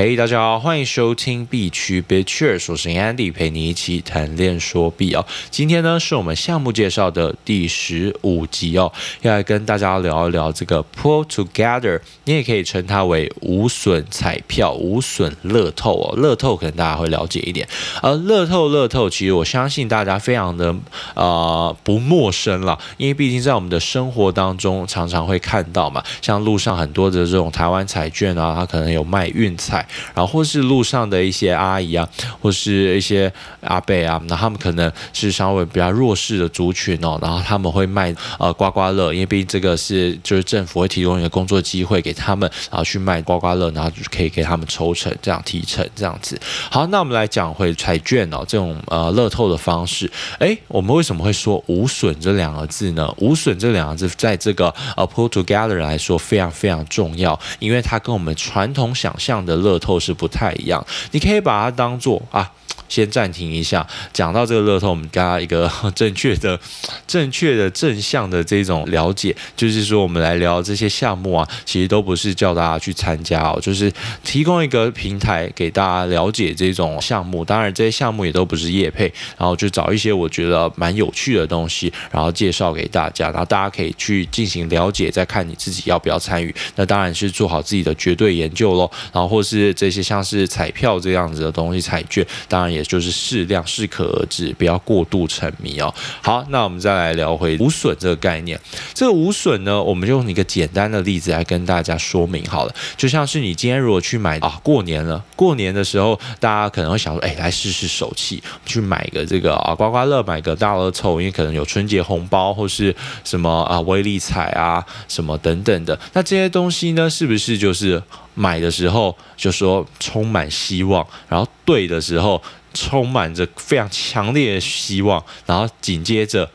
嘿、hey，大家好，歡迎收聽幣趣幣趣說，我是 Andy，陪你一起談戀說幣哦。今天呢，是我們項目介紹的第十五集哦，要來跟大家聊一聊這個 Pool Together，你也可以稱它為無損彩票、無損樂透哦。樂透可能大家會了解一點，而、呃、樂透樂透，其實我相信大家非常的呃不陌生了，因為畢竟在我們的生活當中常常會看到嘛，像路上很多的這種台灣彩券啊，它可能有賣運彩。然後或是路上的一些阿姨啊，或是一些阿伯啊，那他們可能是稍微比較弱勢的族群哦，然後他們會賣呃刮刮樂，因為畢竟這個是就是政府會提供一個工作機會給他們，然後去賣刮刮樂，然後就可以給他們抽成這樣提成這樣子。好，那我們來講回彩券哦，這種呃樂透的方式，誒，我們為什麼會說無損這兩個字呢？無損這兩個字在這個呃、啊、Pool Together 來說非常非常重要，因為它跟我們傳統想象的樂樂透是不太一樣，你可以把它當做啊，先暫停一下，講到這個樂透，我們給大家一個正確的、正確的正向的這種了解，就是說我們來聊這些項目啊，其實都不是叫大家去參加哦，就是提供一個平台給大家了解這種項目，當然這些項目也都不是業配，然後就找一些我覺得蠻有趣的東西，然後介紹給大家，然後大家可以去進行了解，再看你自己要不要參與，那當然是做好自己的絕對研究嘍，然後或是。這些像是彩票這樣子的東西，彩券當然也就是適量適可而止，不要過度沉迷哦。好，那我們再來聊回無損這個概念。這個無損呢，我們就用一個簡單的例子來跟大家說明好了。就像是你今天如果去買啊，過年了，過年的時候大家可能會想說，哎、欸，來試試手氣，去買個這個啊刮刮樂，買個大樂透，因為可能有春節紅包或是什麼啊威力彩啊什麼等等的。那這些東西呢，是不是就是？買的時候就說充滿希望，然後對的時候充滿着非常強烈的希望，然後緊接着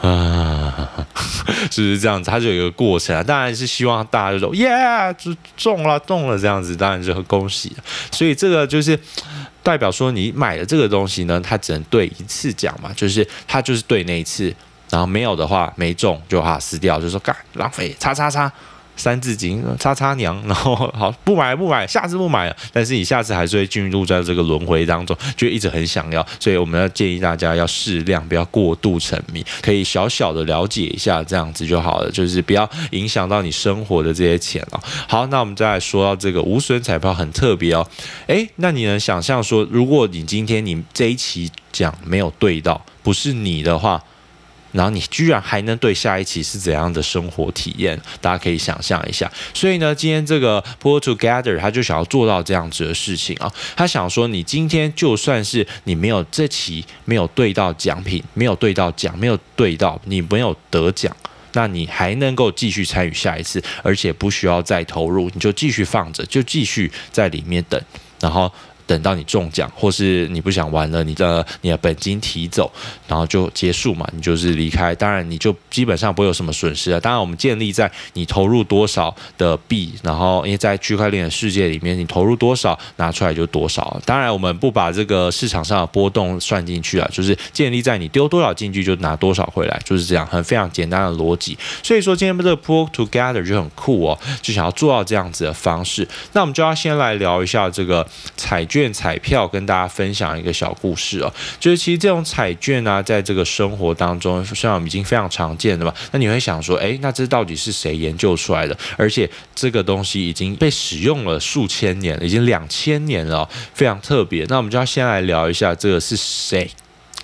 啊， 就是這樣子，它就有一個過程啊。當然是希望大家就說耶、yeah，就中了中了這樣子，當然就很恭喜。所以這個就是代表說你買的這個東西呢，它只能對一次獎嘛，就是它就是對那一次，然後沒有的話沒中就把它撕掉，就說幹浪費，擦擦擦。三字經，擦擦娘，然後好，不買不買，下次不買了，但是你下次還是會進入在這個輪回當中，就一直很想要，所以我們要建議大家要適量，不要過度沉迷，可以小小的了解一下，這樣子就好了，就是不要影響到你生活的這些錢了、喔。好，那我們再來說到這個無損彩票很特別哦、喔，誒、欸，那你能想象說，如果你今天你這一期獎沒有對到，不是你的話？然後你居然還能對下一期是怎樣的生活體驗？大家可以想象一下。所以呢，今天這個 Pool Together，他就想要做到這樣子的事情啊。他想說，你今天就算是你沒有這期沒有對到獎品，沒有對到獎，沒有對到你沒有得獎，那你還能夠繼續參與下一次，而且不需要再投入，你就繼續放着，就繼續在裡面等。然後。等到你中獎，或是你不想玩了你，你的你的本金提走，然後就結束嘛，你就是離開。當然，你就基本上不會有什麼損失了。當然，我們建立在你投入多少的幣，然後因為在區塊鏈的世界裡面，你投入多少拿出來就多少。當然，我們不把這個市場上的波動算進去啊，就是建立在你丟多少進去就拿多少回來，就是這樣很非常簡單的邏輯。所以說今天這個 Pool Together 就很酷哦、喔，就想要做到這樣子的方式。那我們就要先來聊一下這個彩券彩票跟大家分享一個小故事哦、喔，就是其實這種彩券啊，在這個生活當中，雖然我們已經非常常見的嘛，那你會想說，哎、欸，那這到底是誰研究出來的？而且這個東西已經被使用了數千年，已經兩千年了，年了喔、非常特別。那我們就要先來聊一下，這個是誰？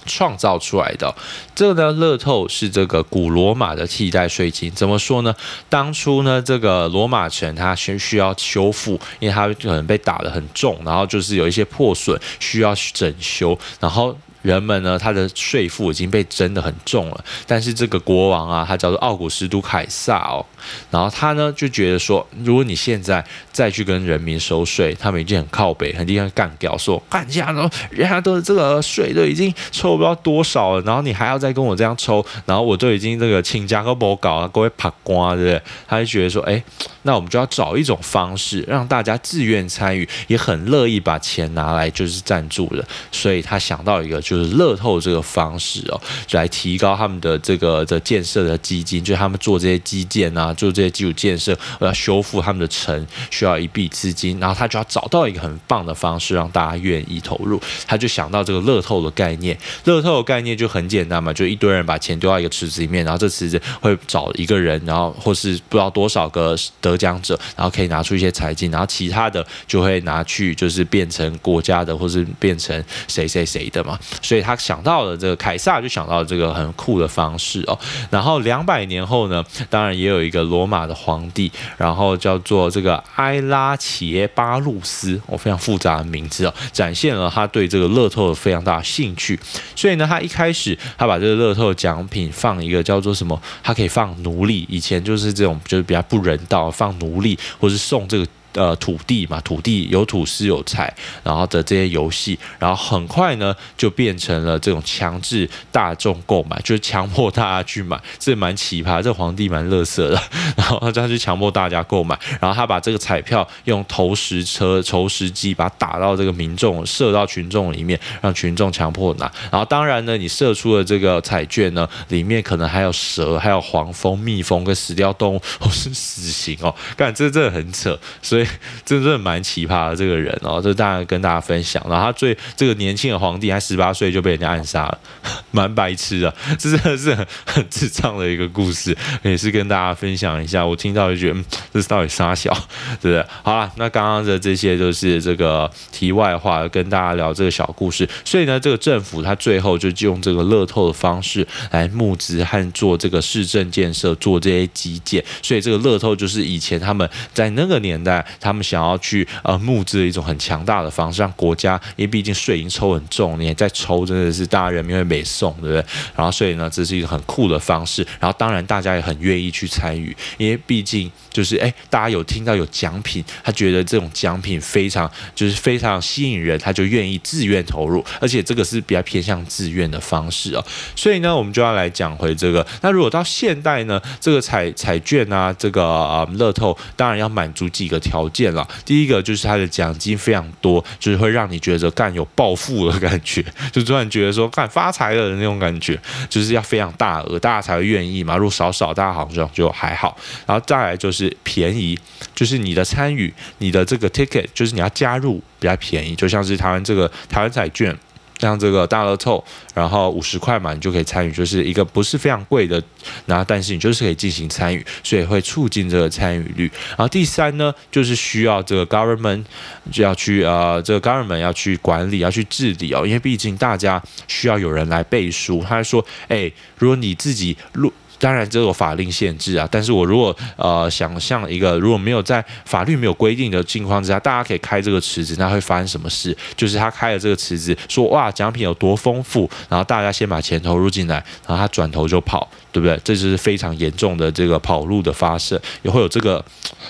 創造出來的這個呢，樂透是這個古羅馬的替代稅金，怎麼說呢？當初呢，這個羅馬城它先需要修復，因為它可能被打得很重，然後就是有一些破損需要整修，然後。人們呢，他的稅負已經被徵得很重了。但是這個國王啊，他叫做奧古斯都凱撒哦。然後他呢就覺得說，如果你現在再去跟人民收稅，他們已經很靠北，很厲害幹掉。說幹，然後人家都這個稅都已經抽不到多少了，然後你還要再跟我這樣抽，然後我都已經這個請加個波搞啊，各位啪官對不對？他就覺得說，哎、欸，那我們就要找一種方式，讓大家自願參與，也很樂意把錢拿來就是贊助的。所以他想到一個就是。就是樂透這個方式哦、喔，就來提高他們的這個的建設的基金，就他們做這些基建啊，做這些基礎建設，我要修復他們的城，需要一筆資金，然後他就要找到一個很棒的方式，讓大家願意投入。他就想到這個樂透的概念，樂透的概念就很簡單嘛，就一堆人把錢丟到一個池子裡面，然後這池子會找一個人，然後或是不知道多少個得獎者，然後可以拿出一些財金，然後其他的就會拿去就是變成國家的，或是變成誰誰誰的嘛。所以他想到了這個凱撒，就想到了這個很酷的方式哦、喔。然後兩百年後呢，當然也有一個羅馬的皇帝，然後叫做這個埃拉奇巴路斯，我非常複雜的名字哦、喔，展現了他對這個樂透的非常大的興趣。所以呢，他一開始他把這個樂透獎品放一個叫做什麼，他可以放奴隸，以前就是這種就是比較不人道，放奴隸或是送這個。呃，土地嘛，土地有土，斯有財，然後的這些遊戲，然後很快呢就變成了這種強制大眾購買，就是強迫大家去買，這蠻奇葩，這皇帝蠻樂色的，然後他就去強迫大家購買，然後他把這個彩票用投石車、投石機把它打到這個民眾，射到群眾裡面，讓群眾強迫拿。然後當然呢，你射出的這個彩券呢，裡面可能還有蛇、還有黃蜂、蜜蜂跟死掉動物，是、哦、死刑哦，但這真的很扯，所以。這真的蠻奇葩的這個人哦、喔，這當然跟大家分享。然後他最這個年輕的皇帝他十八歲就被人家暗殺了， 蠻白痴的，這真的是很很智障的一個故事，也是跟大家分享一下。我聽到就覺得，嗯，這是到底啥小， 對不對，對？好了，那剛剛的這些就是這個題外話，跟大家聊這個小故事。所以呢，這個政府他最後就用這個樂透的方式來募資和做這個市政建設，做這些基建。所以這個樂透就是以前他們在那個年代。他們想要去呃募資的一種很強大的方式，讓國家，因為畢竟稅銀抽很重，你也在抽，真的是大家人民在沒送，對不對？然後所以呢，這是一個很酷的方式。然後當然大家也很願意去參與，因為畢竟就是哎，大家有聽到有獎品，他覺得這種獎品非常就是非常吸引人，他就願意自願投入。而且這個是比較偏向自願的方式哦。所以呢，我們就要來講回這個。那如果到現代呢，這個彩彩券啊，這個呃樂透，當然要滿足幾個條。條件了，第一個就是他的獎金非常多，就是會讓你覺得幹有暴富的感覺，就突然覺得說幹發財了的那種感覺，就是要非常大額，大家才會願意嘛。如果少少，大家好像就還好。然後再來就是便宜，就是你的參與，你的這個 ticket，就是你要加入比較便宜，就像是台灣這個台灣彩券。像這個大樂透，然後五十塊嘛，你就可以參與，就是一個不是非常貴的，然後但是你就是可以進行參與，所以會促進這個參與率。然後第三呢，就是需要這個 government 就要去呃，這個 government 要去管理，要去治理哦，因為畢竟大家需要有人來背書。他說，哎、欸，如果你自己錄。當然，這有法令限制啊，但是我如果呃想象一個如果沒有在法律沒有規定的情況之下，大家可以開這個池子，那會發生什麼事？就是他開了這個池子，說哇獎品有多豐富，然後大家先把錢投入進來，然後他轉頭就跑，對不對？這就是非常嚴重的這個跑路的發生，也會有這個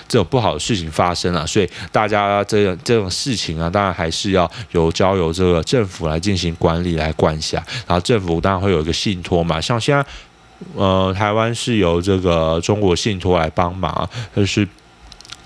這種不好的事情發生啊。所以大家這樣這種事情啊，當然還是要有交由這個政府來進行管理來管轄，然後政府當然會有一個信託嘛，像現在。呃，臺灣是由這個中國信託來幫忙，就是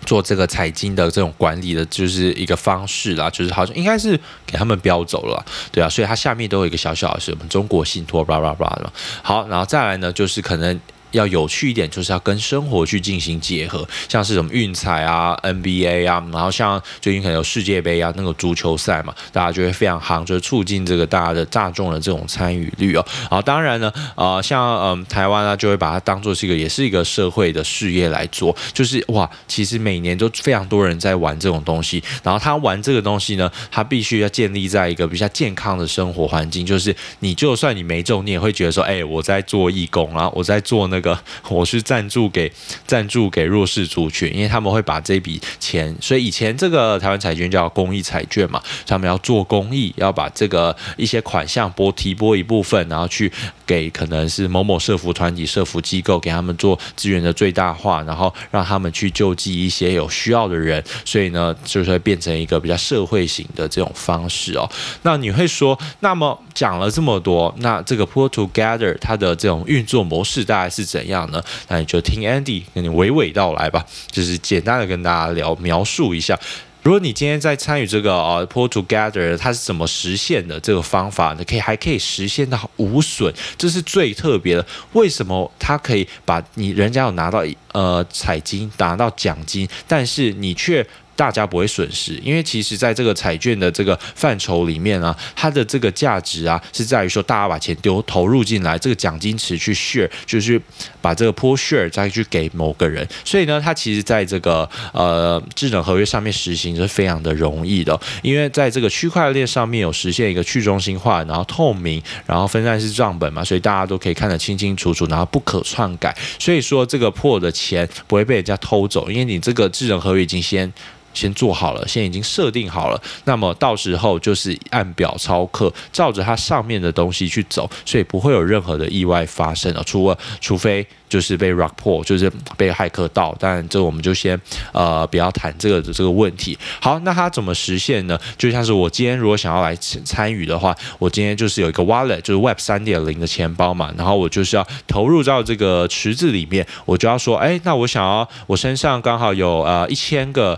做這個財經的這種管理的，就是一個方式啦，就是好像應該是給他們標走了，對啊，所以它下面都有一個小小的是我們中國信託，吧吧吧的。好，然後再來呢，就是可能。要有趣一點，就是要跟生活去進行結合，像是什麼運彩啊、NBA 啊，然後像最近可能有世界杯啊，那個足球賽嘛，大家就會非常行，就是促進這個大家的大眾的這種參與率哦。好，當然呢，啊、呃，像嗯、呃、台灣啊，就會把它當作是一個，也是一個社會的事業來做，就是哇，其實每年都非常多人在玩這種東西，然後他玩這個東西呢，他必須要建立在一個比較健康的生活環境，就是你就算你沒中，你也會覺得說，哎、欸，我在做義工，啊，我在做那個。這個我是贊助給贊助給弱勢族群，因為他們會把這筆錢，所以以前這個台灣彩券叫公益彩券嘛，他們要做公益，要把這個一些款項撥提撥一部分，然後去給可能是某某社福團體、社福機構，給他們做資源的最大化，然後讓他們去救濟一些有需要的人。所以呢，就是會變成一個比較社會型的這種方式哦。那你會說，那麼講了這麼多，那這個 Pool Together 它的這種運作模式大概是，怎樣呢？那你就聽 Andy 跟你娓娓道來吧，就是簡單的跟大家聊描述一下。如果你今天在參與這個啊，Pool Together，它是怎麼實現的？這個方法，你可以還可以實現到無損，這是最特別的。為什麼它可以把你人家有拿到呃彩金，拿到獎金，但是你卻。大家不會損失，因為其實在這個彩券的這個範疇裡面啊，它的這個價值啊是在於說，大家把錢丟投入進來，這個獎金池去 share，就是把這個 pool share 再去給某個人。所以呢，它其實在這個呃智能合約上面實行是非常的容易的，因為在這個區塊鏈上面有實現一個去中心化，然後透明，然後分散式賬本嘛，所以大家都可以看得清清楚楚，然後不可篡改。所以說，這個 pool 的錢不會被人家偷走，因為你這個智能合約已經先。先做好了，現在已經設定好了，那麼到時候就是按表操課，照着它上面的東西去走，所以不會有任何的意外發生啊、喔，除了除非就是被 rug pull，就是被駭客盜。但這我們就先呃不要談這個這個問題。好，那它怎麼實現呢？就像是我今天如果想要來參與的話，我今天就是有一個 wallet，就是 Web 三點零的錢包嘛，然後我就是要投入到這個池子裡面，我就要說，哎、欸，那我想要我身上剛好有呃一千個。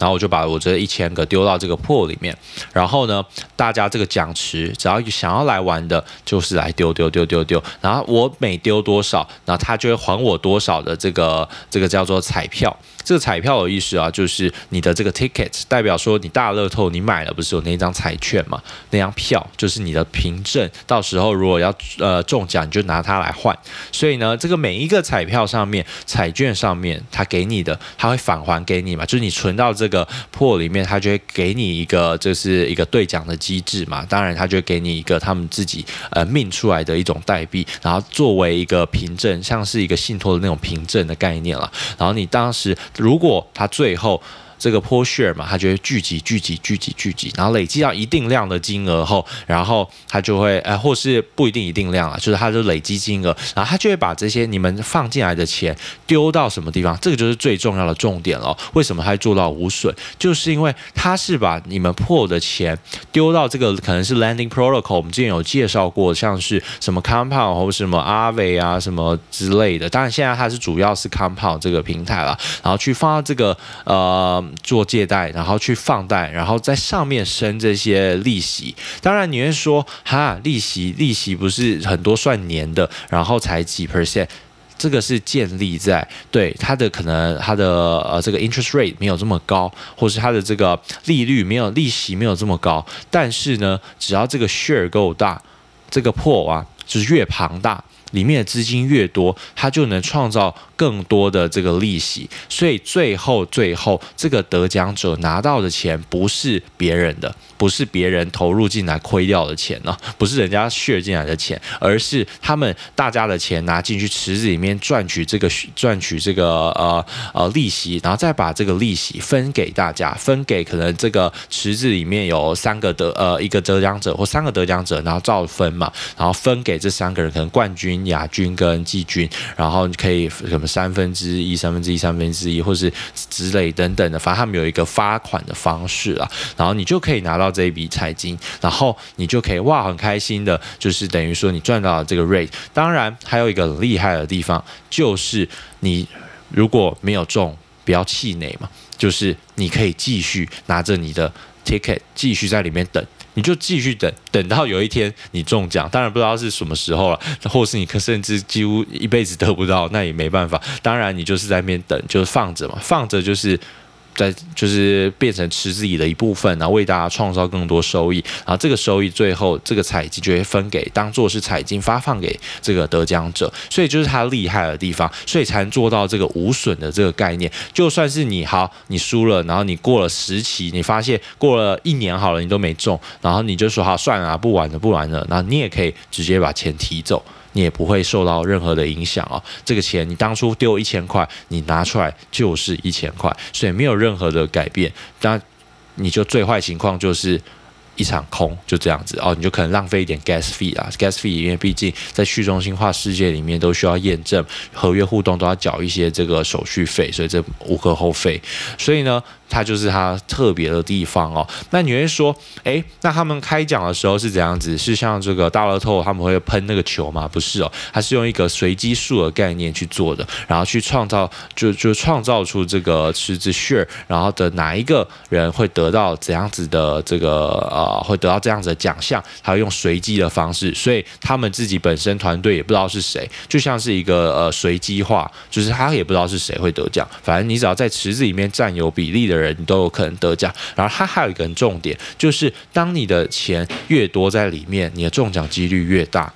然後我就把我這一千個丟到這個 pool 裡面，然後呢，大家這個獎池只要想要來玩的，就是來丟丟丟丟丟。然後我每丟多少，然後他就會還我多少的這個這個叫做彩票。這個彩票有意思啊，就是你的這個 ticket 代表說你大樂透你買了不是有那一張彩券嘛，那張票就是你的憑證。到時候如果要呃中獎，你就拿它來換。所以呢，這個每一個彩票上面彩券上面他給你的，他會返還給你嘛，就是你存到這個。這個 pool 裡面，他就會給你一個，就是一個兌獎的機制嘛。當然，他就給你一個他們自己呃命出來的一種代幣，然後作為一個憑證，像是一個信託的那種憑證的概念了。然後你當時如果他最後。這個 pool 嘛，它就會聚集，聚，集聚集、聚集、聚集、聚集，然後累積到一定量的金額後，然後它就會，誒、呃，或是不一定一定量啊，就是它就累積金額，然後它就會把這些你們放進來的錢丟到什麼地方？這個就是最重要的重點了。為什麼它會做到無損？就是因為它是把你們 pool 的錢丟到這個可能是 lending protocol，我們之前有介紹過，像是什麼 compound 或者什麼 Aave 啊什麼之類的。當然現在它是主要是 compound 這個平台了，然後去放到這個呃。做借貸，然後去放貸，然後在上面生這些利息。當然，你會說哈，利息利息不是很多，算年的，然後才幾 percent。這個是建立在對它的可能，它的呃這個 interest rate 沒有這麼高，或是它的這個利率沒有利息沒有這麼高。但是呢，只要這個 share 夠大，這個 pool 啊就是越龐大，裡面的資金越多，它就能創造。更多的這個利息，所以最後最後這個得獎者拿到的錢不是別人的，不是別人投入進來虧掉的錢呢、啊，不是人家 share 進來的錢，而是他們大家的錢拿進去池子裡面賺取這個賺取這個呃呃利息，然後再把這個利息分給大家，分給可能這個池子裡面有三個得呃一個得獎者或三個得獎者，然後照分嘛，然後分給這三個人，可能冠軍、亞軍跟季軍，然後你可以什麼。三分之一、三分之一、三分之一，或是之類等等的，反正他們有一個發款的方式啦，然後你就可以拿到這一筆彩金，然後你就可以哇很開心的，就是等於說你賺到了這個 rate。當然，還有一個厲害的地方，就是你如果沒有中，不要氣餒嘛，就是你可以繼續拿着你的 ticket 繼續在裡面等。你就繼續等，等到有一天你中獎，當然不知道是什麼時候了，或是你甚至幾乎一輩子得不到，那也沒辦法。當然你就是在那邊等，就是放着嘛，放着就是。在就是變成吃自己的一部分，然後為大家創造更多收益，然後這個收益最後這個彩金就會分給，當做是彩金發放給這個得獎者，所以就是它厲害的地方，所以才能做到這個無損的這個概念。就算是你好，你輸了，然後你過了十期，你發現過了一年好了，你都沒中，然後你就說好，算了啊，不玩了，不玩了，然後你也可以直接把錢提走。你也不會受到任何的影響啊、哦！這個錢你當初丟一千塊，你拿出來就是一千塊，所以沒有任何的改變。當然，你就最壞情況就是一場空，就這樣子哦。你就可能浪費一點 gas fee 啊，gas fee 因為畢竟在去中心化世界裡面都需要驗證，合約互動都要繳一些這個手續費，所以這無可厚非。所以呢？它就是它特別的地方哦、喔。那你會說，哎、欸，那他們開獎的時候是怎樣子？是像這個大樂透他們會噴那個球嗎？不是哦、喔，它是用一個隨機數的概念去做的，然後去創造，就就創造出這個池子 share，然後的哪一個人會得到怎樣子的這個呃，會得到這樣子的獎項，他用隨機的方式。所以他們自己本身團隊也不知道是誰，就像是一個呃隨機化，就是他也不知道是誰會得獎。反正你只要在池子裡面佔有比例的人。人都有可能得獎，然後他還有一個重點，就是當你的錢越多在裡面，你的中獎幾率越大。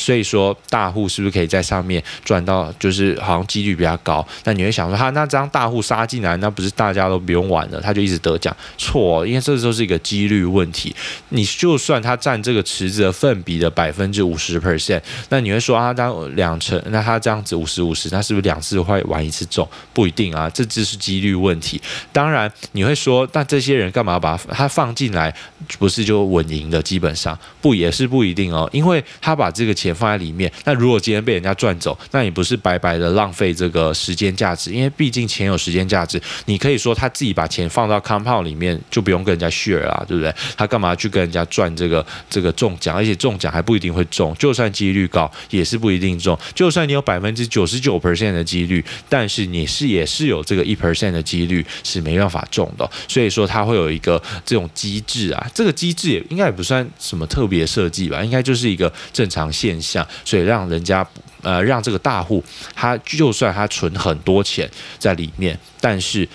所以說大戶是不是可以在上面賺到？就是好像幾率比較高。那你會想說，他那張大戶殺進來，那不是大家都不用玩了，他就一直得獎？錯哦，因為這都是一個幾率問題。你就算他佔這個池子的份比的百分之五十 percent，那你會說啊，他當兩成，那他這樣子五十五十，那是不是兩次會玩一次中？不一定啊，這只是幾率問題。當然你會說，那這些人幹嘛把他放進來？不是就穩贏的？基本上不也是不一定哦，因為他把這個錢。放在裡面，那如果今天被人家賺走，那也不是白白的浪費這個時間價值，因為畢竟錢有時間價值。你可以說他自己把錢放到 Compound 裡面，就不用跟人家 share 了，對不對？他幹嘛去跟人家賺這個這個中獎？而且中獎還不一定會中，就算幾率高，也是不一定中。就算你有百分之九十九 percent 的幾率，但是你是也是有這個一 percent 的幾率是沒辦法中的。所以說他會有一個這種機制啊，這個機制也應該也不算什麼特別設計吧，應該就是一個正常現象。像，所以讓人家，呃，讓這個大戶，他就算他存很多錢在裡面，但是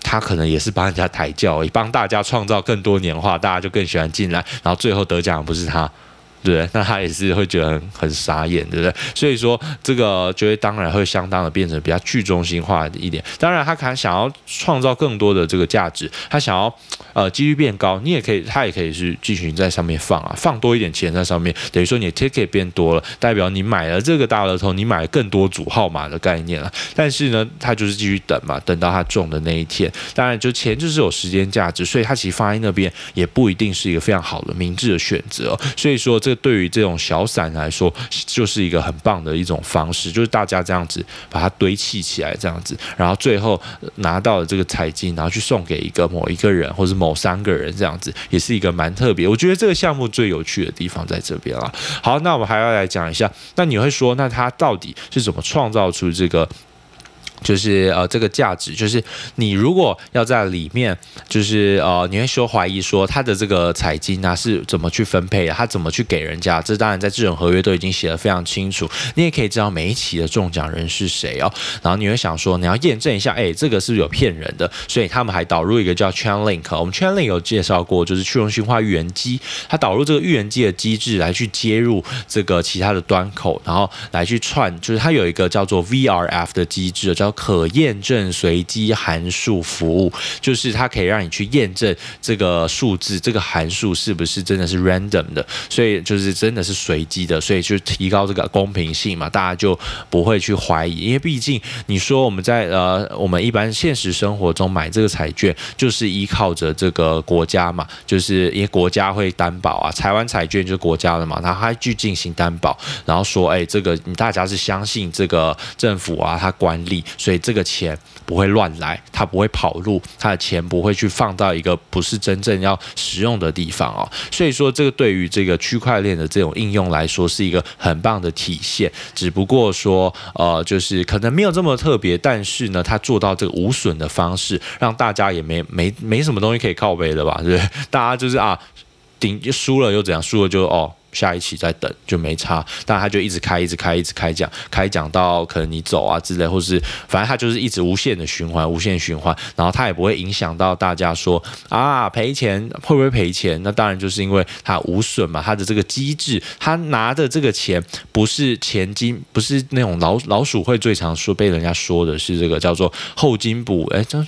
他可能也是幫人家抬轎，幫大家創造更多年化，大家就更喜歡進來，然後最後得獎不是他。對對？那他也是會覺得很，很傻眼，對不對？所以說，這個就會當然會相當的變成比較去中心化的一點。當然他可能想要創造更多的這個價值，他想要呃幾率變高，你也可以，他也可以是繼續在上面放啊，放多一點錢在上面，等於說你的 ticket 變多了，代表你買了這個大樂透，你買了更多組號碼的概念了、啊。但是呢，他就是繼續等嘛，等到他中的那一天。當然，就錢就是有時間價值，所以他其實放在那邊也不一定是一個非常好的明智的選擇、哦。所以說這個。對於這種小散來說，就是一個很棒的一種方式，就是大家這樣子把它堆砌起來，這樣子，然後最後拿到了這個彩金，然後去送給一個某一個人或是某三個人，這樣子也是一個蠻特別。我覺得這個項目最有趣的地方在這邊啊。好，那我們還要來講一下，那你會說，那他到底是怎麼創造出這個？就是呃這個價值，就是你如果要在裡面，就是呃你會說懷疑說他的這個彩金啊是怎麼去分配的，他怎麼去給人家？這當然在這種合約都已經寫的非常清楚，你也可以知道每一期的中獎人是誰哦。然後你會想說，你要驗證一下，哎、欸，這個是不是有騙人的？所以他們還導入一個叫 Chainlink，我們 Chainlink 有介紹過，就是去中心化預言機，它導入這個預言機的機制來去接入這個其他的端口，然後來去串，就是它有一個叫做 VRF 的機制，叫可驗證隨機函數服務，就是它可以讓你去驗證這個數字，這個函數是不是真的是 random 的，所以就是真的是隨機的，所以就提高這個公平性嘛，大家就不會去懷疑，因為畢竟你說我們在呃，我們一般現實生活中買這個彩券，就是依靠着這個國家嘛，就是因為國家會擔保啊，台灣彩券就是國家的嘛，那它去進行擔保，然後說，哎、欸，這個你大家是相信這個政府啊，它管理。所以這個錢不會亂來，它不會跑路，它的錢不會去放到一個不是真正要使用的地方哦，所以說，這個對於這個區塊鏈的這種應用來說是一個很棒的體現。只不過說，呃，就是可能沒有這麼特別，但是呢，它做到這個無損的方式，讓大家也沒沒沒什麼東西可以靠北的吧？對不對？大家就是啊，頂輸了又怎樣？輸了就哦。下一期再等就沒差，但他就一直開，一直開，一直開獎，開獎到可能你走啊之類，或是反正他就是一直無限的循環，無限循環，然後他也不會影響到大家說啊賠錢會不會賠錢？那當然就是因為他無損嘛，他的這個機制，他拿的這個錢不是前金，不是那種老老鼠會最常說被人家說的是這個叫做後金補，哎、欸，真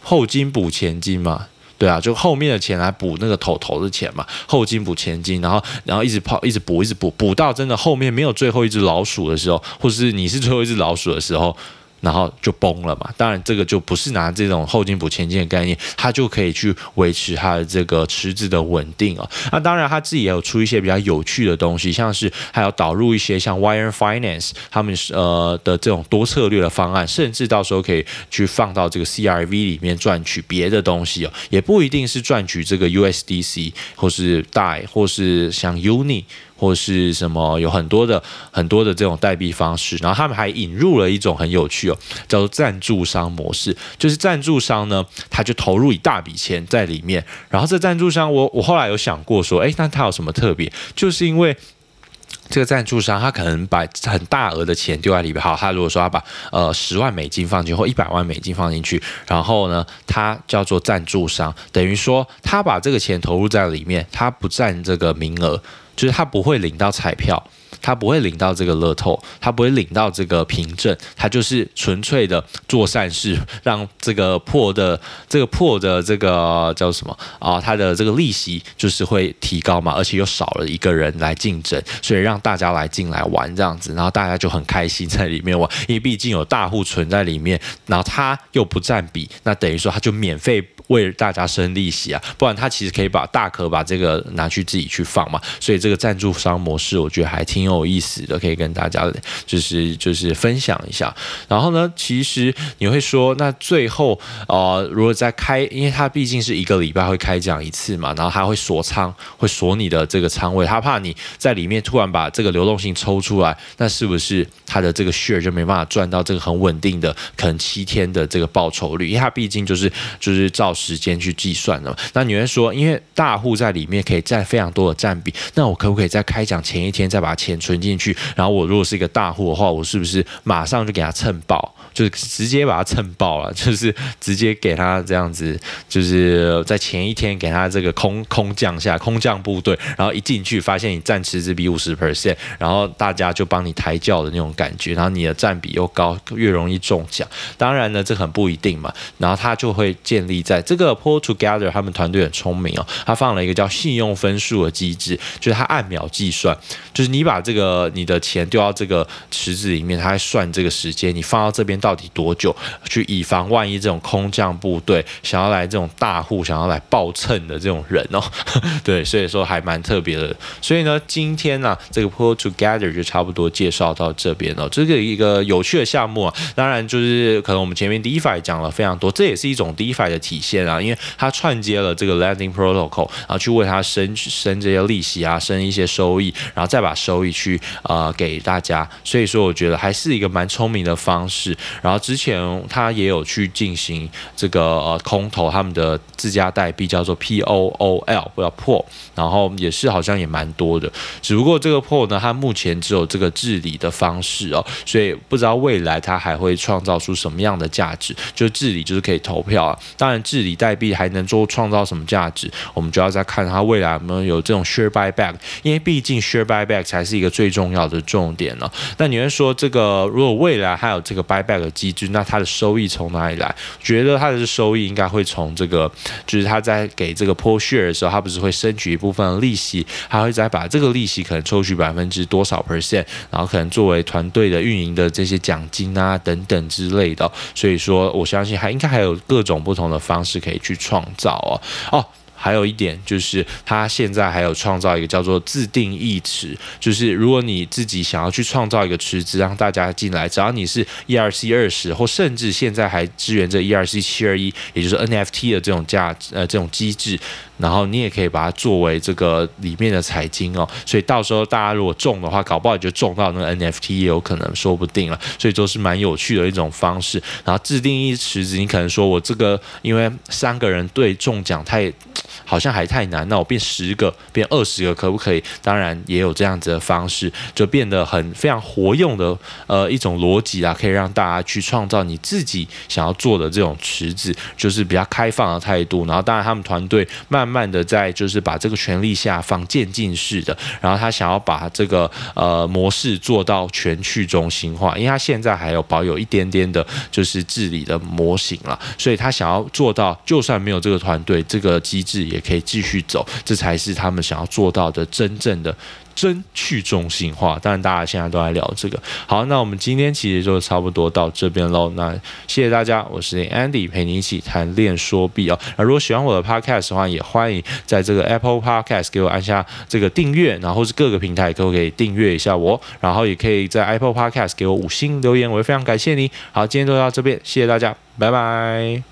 後金補前金嘛。對啊，就後面的錢來補那個頭頭的錢嘛，後金補前金，然後然後一直跑，一直補，一直補，補到真的後面沒有最後一隻老鼠的時候，或者是你是最後一隻老鼠的時候。然後就崩了嘛，當然這個就不是拿這種後進補前進的概念，它就可以去維持它的這個池子的穩定、哦、啊。那當然，它自己也有出一些比較有趣的東西，像是還有導入一些像 Wire Finance 他們呃的這種多策略的方案，甚至到時候可以去放到這個 CRV 裡面賺取別的東西哦，也不一定是賺取這個 USDC 或是 Dai 或是像 Uni。或是什麼有很多的很多的這種代幣方式，然後他們還引入了一種很有趣哦，叫做贊助商模式。就是贊助商呢，他就投入一大筆錢在裡面。然後這贊助商我，我我後來有想過說，哎，那他有什麼特別？就是因為這個贊助商，他可能把很大額的錢丟在裡面。好，他如果說他把呃十萬美金放進去或一百萬美金放進去，然後呢，他叫做贊助商，等於說他把這個錢投入在裡面，他不占這個名額。就是他不會領到彩票，他不會領到這個樂透，他不會領到這個憑證，他就是純粹的做善事，讓這個破的這個破的這個叫什麼啊？他的這個利息就是會提高嘛，而且又少了一個人來競爭，所以讓大家來進來玩這樣子，然後大家就很開心在裡面玩，因為畢竟有大戶存在裡面，然後他又不佔比，那等於說他就免費，為大家生利息啊，不然他其實可以把大可把這個拿去自己去放嘛。所以這個贊助商模式，我覺得還挺有意思的，可以跟大家就是就是分享一下。然後呢，其實你會說，那最後呃，如果再開，因為它畢竟是一個禮拜會開獎一次嘛，然後他會鎖倉，會鎖你的這個倉位，他怕你在裡面突然把這個流動性抽出來，那是不是他的這個 share 就沒辦法賺到這個很穩定的可能七天的這個報酬率？因為他畢竟就是就是照。時間去計算的，那你會說，因為大戶在裡面可以佔非常多的佔比，那我可不可以在開獎前一天再把錢存進去？然後我如果是一個大戶的話，我是不是馬上就給他蹭爆，就是直接把他蹭爆了，就是直接給他這樣子，就是在前一天給他這個空空降下空降部隊，然後一進去發現你佔池子比五十 percent，然後大家就幫你抬轎的那種感覺，然後你的佔比又高，越容易中獎。當然呢，這很不一定嘛。然後他就會建立在。這個 Pool Together，他們團隊很聰明哦，他放了一個叫信用分數的機制，就是他按秒計算，就是你把這個你的錢丟到這個池子裡面，他還算這個時間，你放到這邊到底多久？去以防萬一這種空降部隊想要來這種大戶想要來爆秤的這種人哦，對，所以說還蠻特別的。所以呢，今天啊，這個 Pool Together 就差不多介紹到這邊，這個一個有趣的項目啊，當然就是可能我們前面 DeFi 講了非常多，這也是一種 DeFi 的體現。因為他串接了這個 Lending Protocol，然後去為他生生這些利息啊，生一些收益，然後再把收益去呃給大家。所以說我覺得還是一個蠻聰明的方式。然後之前他也有去進行這個呃空投他們的自家代幣叫做 POOL，不要破。然後也是好像也蠻多的，只不過這個 POOL 呢，它目前只有這個治理的方式哦、喔，所以不知道未來它還會創造出什麼樣的價值。就治理就是可以投票啊，當然治。以代幣還能做創造什麼價值？我們就要再看它未來有沒有，有這種 share buyback，因為畢竟 share buyback 才是一個最重要的重點呢。那你會說，這個如果未來還有這個 buyback 機制，那它的收益從哪裡來？覺得它的收益應該會從這個，就是他在給這個 pool share 的時候，他不是會收取一部分的利息，還會再把這個利息可能抽取百分之多少 percent，然後可能作為團隊的運營的這些獎金啊等等之類的。所以說，我相信還應該還有各種不同的方式。是可以去創造哦、啊、哦，還有一點就是，它現在還有創造一個叫做自定義池，就是如果你自己想要去創造一個池子，讓大家進來，只要你是 ERC 二十，或甚至現在還支援著 ERC 七二一，也就是 NFT 的這種價值，呃，這種機制。然後你也可以把它作為這個裡面的彩金哦，所以到時候大家如果中的話，搞不好也就中到那個 NFT 也有可能，說不定了。所以就是蠻有趣的一種方式。然後自定義池子，你可能說我這個因為三個人對中獎太。好像還太難，那我變十個，變二十個可不可以？當然也有這樣子的方式，就變得很非常活用的呃一種邏輯啊，可以讓大家去創造你自己想要做的這種池子，就是比較開放的態度。然後，當然他們團隊慢慢的在就是把這個權力下放漸進式的，然後他想要把這個呃模式做到全去中心化，因為他現在還有保有一點點的就是治理的模型了，所以他想要做到，就算沒有這個團隊，這個機制也。可以繼續走，這才是他們想要做到的真正的真去中心化。當然，大家現在都在聊這個。好，那我們今天其實就差不多到這邊嘍。那謝謝大家，我是 Andy，陪你一起談鏈說幣哦。那如果喜歡我的 Podcast 的話，也歡迎在這個 Apple Podcast 給我按下這個訂閱，然後是各個平台都可以訂閱一下我，然後也可以在 Apple Podcast 給我五星留言，我也非常感謝你。好，今天就到這邊，謝謝大家，拜拜。